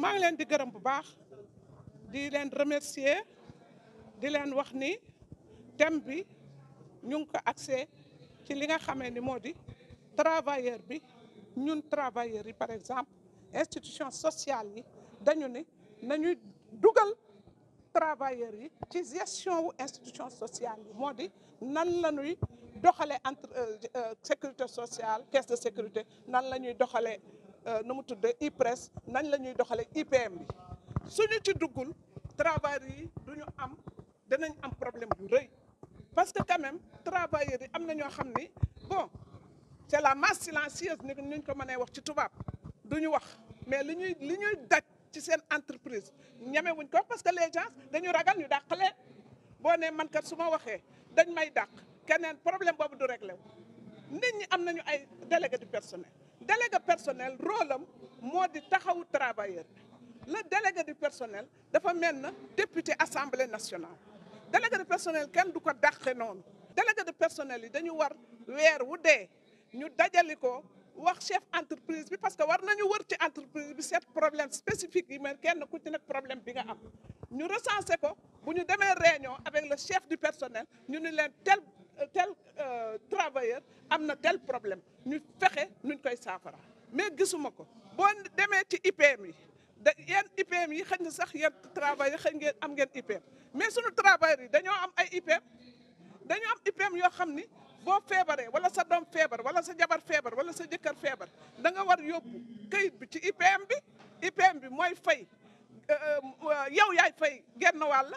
maa ngi leen di gërëm bu baax di leen remercier di leen wax ni thème bi ñu ngi ko axé ci li nga xamee ni moo di travailleur bi ñun travailleurs yi par exemple institution sociale yi dañu ni nañuy dugal travailleurs yi ci gestion wu institution sociale yi moo di nan la ñuy doxalee entre euh, euh, sécurité sociale caisse de sécurité nan la ñuy doxalee Euh, nu mu tudd IPRES nañ la ñuy doxalee IPM bi suñu ci duggul travailleurs yi du ñu am danañ am problème bu rëy parce que quand même travailleurs yi am na ñoo xam ni bon c'est la masse silencieuse ni ñu ko mënee wax ci tubaab du ñu wax mais li ñuy li ñuy daj ci seen entreprise ñemewuñ ko parce que les gens dañu ragal ñu dàq leen boo nee man kat su ma waxee dañ may dàq keneen problème boobu du réglé wu nit ñi am nañu ay délégué du personnel. délégué personnel rolam am moo di taxawu travailleur la le délégué du personnel dafa mel na député assemblée nationale délégué du personnel kenn du ko dàqe noonu délégué du personnel yi dañu war weer wu dee ñu dajali ko wax chef entreprise bi parce que war nañu war ci entreprise bi seet problème spécifique yi mais kenn ku ci nekk problème bi nga am ñu recensé ko bu ñu demee réunion avec le chef du personnel ñu ni leen tel tel euh, travailleur am na tel problème ñu fexe nuñ koy saafara mais gisuma ko boo demee ci IPM yi da yeen IPM yi xañ na sax yeen travail yi xëy ngeen am ngeen IPM mais sunu travail yi dañoo am ay IPM dañoo am IPM yoo xam ni boo feebaree wala sa doom feebar wala sa jabar feebar wala sa jëkkër feebar da nga war yóbbu kayit bi ci IPM bi IPM bi mooy fay euh, euh, yow yaay fay genn wàll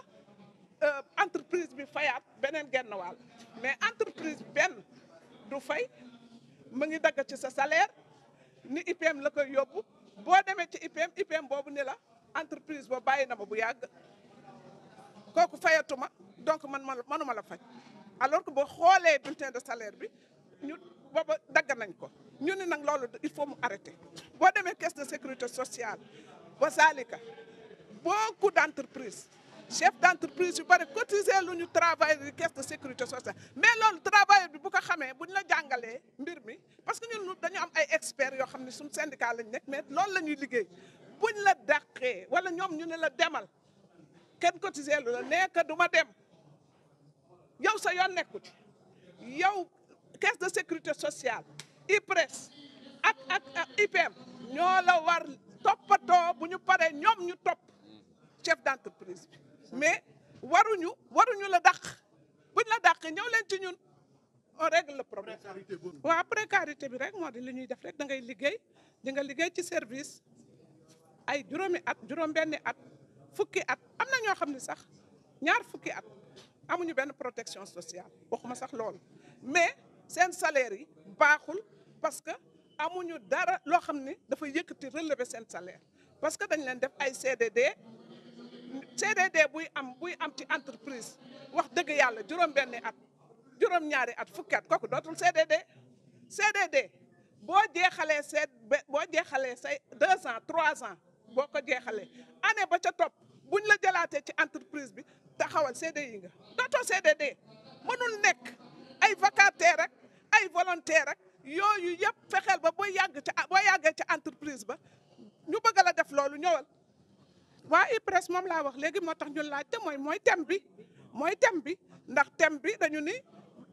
euh, entreprise bi fayaat beneen genn wàll mais entreprise benn du fay ma ngi dagg ci sa salaire ni IPM la ko yóbbu boo demee ci IPM IPM boobu ni la entreprise ba bàyyi na ma bu yàgg kooku fayatuma donc man ma mënuma la faj alors que boo xoolee bulletin de salaire bi ñu booba dagg nañ ko ñu ni nag loolu il faut mu arrêter boo demee caisse de sécurité sociale ba Salika beaucoup entreprise chef d'entreprise yu bari cotiser lu ñu travail di caisse de sécurité sociale mais loolu travailleur bi bu ko xamee bu ñu la jàngalee mbir mi parce que ñun dañu am ay experts yoo xam ne suñu syndicat lañ nekk mais loolu la ñuy liggéey buñ la dàqee wala ñoom ñu ne la demal kenn cotiser lu la nekk du ma dem yow sa yoon nekku ci yow caisse de sécurité sociale IPRES ak ak ak IPM ñoo la war toppatoo bu ñu paree ñoom ñu topp chef d'entreprise bi mais waruñu waruñu la dàq buñ la dàq ñëw leen ci ñun on règle le problème waaw précarité bi rek moo di li ñuy def rek da ngay liggéey di liggéey ci service ay juróomi at juróom-benni at fukki at am na ñoo xam ne sax ñaar fukki at amuñu benn protection sociale waxuma sax lool mais seen salaire yi baaxul parce que amuñu dara loo xam ne dafa yëkkati relever seen salaire parce que dañ leen def ay CDD CDD buy am buy am ci entreprise wax dëgg yàlla juróom-benni at juróom-ñaari at fukki at kooku dootul CDD CDD boo jeexalee seet boo jeexalee say deux ans trois ans boo ko jeexalee ane ba ca topp buñ la jëlaatee ci entreprise bi taxawal CDI nga dootoo CDD mënul nekk ay vacataire rek ay volontaire rek yooyu yëpp fexeel ba boo yàgg ci boo yàggee ca entreprise ba ñu bëgg la def loolu ñëwal waa IPRES moom laa wax léegi moo tax laaj laajte mooy mooy thème bi mooy thème bi ndax thème bi dañu ni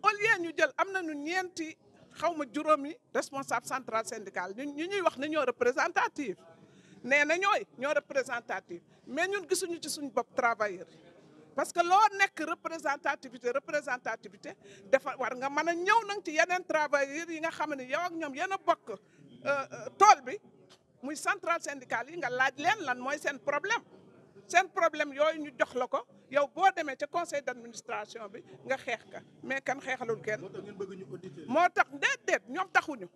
au ñu jël am nañu ñeenti xaw ma juróomi responsable central syndical ñu ñu ñuy wax ne ñoo représentative nee na ñooy ñoo représentative mais ñun gisuñu ci suñu bopp travailleur parce que loo nekk représentativité représentativité defa war nga mën a ñëw nag ci yeneen travailleurs yi nga xam ne yow ak ñoom yéen a bokk euh, euh, tool bi muy centrale syndicale yi nga laaj leen lan mooy seen problème seen problème yooyu ñu jox la ko yow boo demee ca conseil d'administration bi nga xeex ka mais kan xeexalul kenn. moo tax ngeen bëgg ñu auditer. moo tax déedéet ñoom taxuñu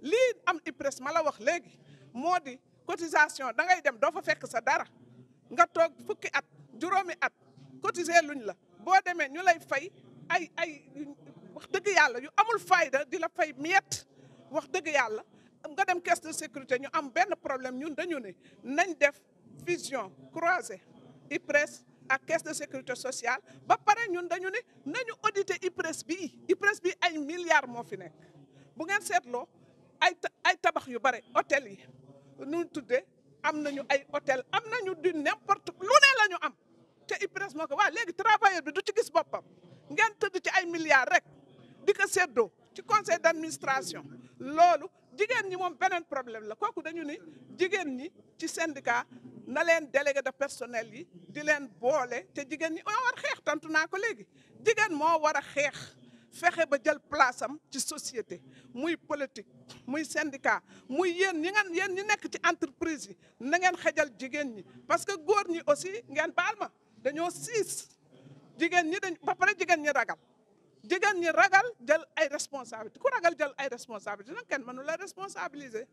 lii am IPRES ma la wax léegi moo di cotisation da ngay dem doo fa fekk sa dara nga toog fukki at juróomi at cotiser luñ la boo demee ñu lay fay ay ay wax dëgg yàlla yu amul fayda di la fay miyet wax dëgg yàlla. nga dem caisse de sécurité ñu am benn problème ñun dañu ne nañ def fusion croisée IPRES ak caisse de sécurité sociale ba pare ñun dañu ne nañu audité IPRES bi IPRES bi ay milliards moo fi nekk bu ngeen seetloo ay ay tabax yu bare hôtel yi nu tuddee am nañu ay hôtel am nañu du n'importe lu ne la ñu am te IPRES moo ko waa léegi travailleur bi du ci gis boppam ngeen tëdd ci ay milliards rek di ko séddoo ci conseil d'administration loolu jigéen ñi moom beneen problème la kooku dañu ni jigéen ñi ci syndicat na leen délégué de personnel yi di leen boole te jigéen ñi moo war xeex tontu naa ko léegi jigéen moo war a xeex fexe ba jël place am ci société muy politique muy syndicat muy yéen ñi ngeen yéen ñi nekk ci entreprise yi na ngeen xejal jigéen ñi parce que góor ñi aussi ngeen baal ma dañoo siis jigéen ñi dañ ba pare jigéen ñi ragal jigéen ñi ragal jël ay responsabilité ku ragal jël ay responsabilité nag kenn mënu la responsabiliser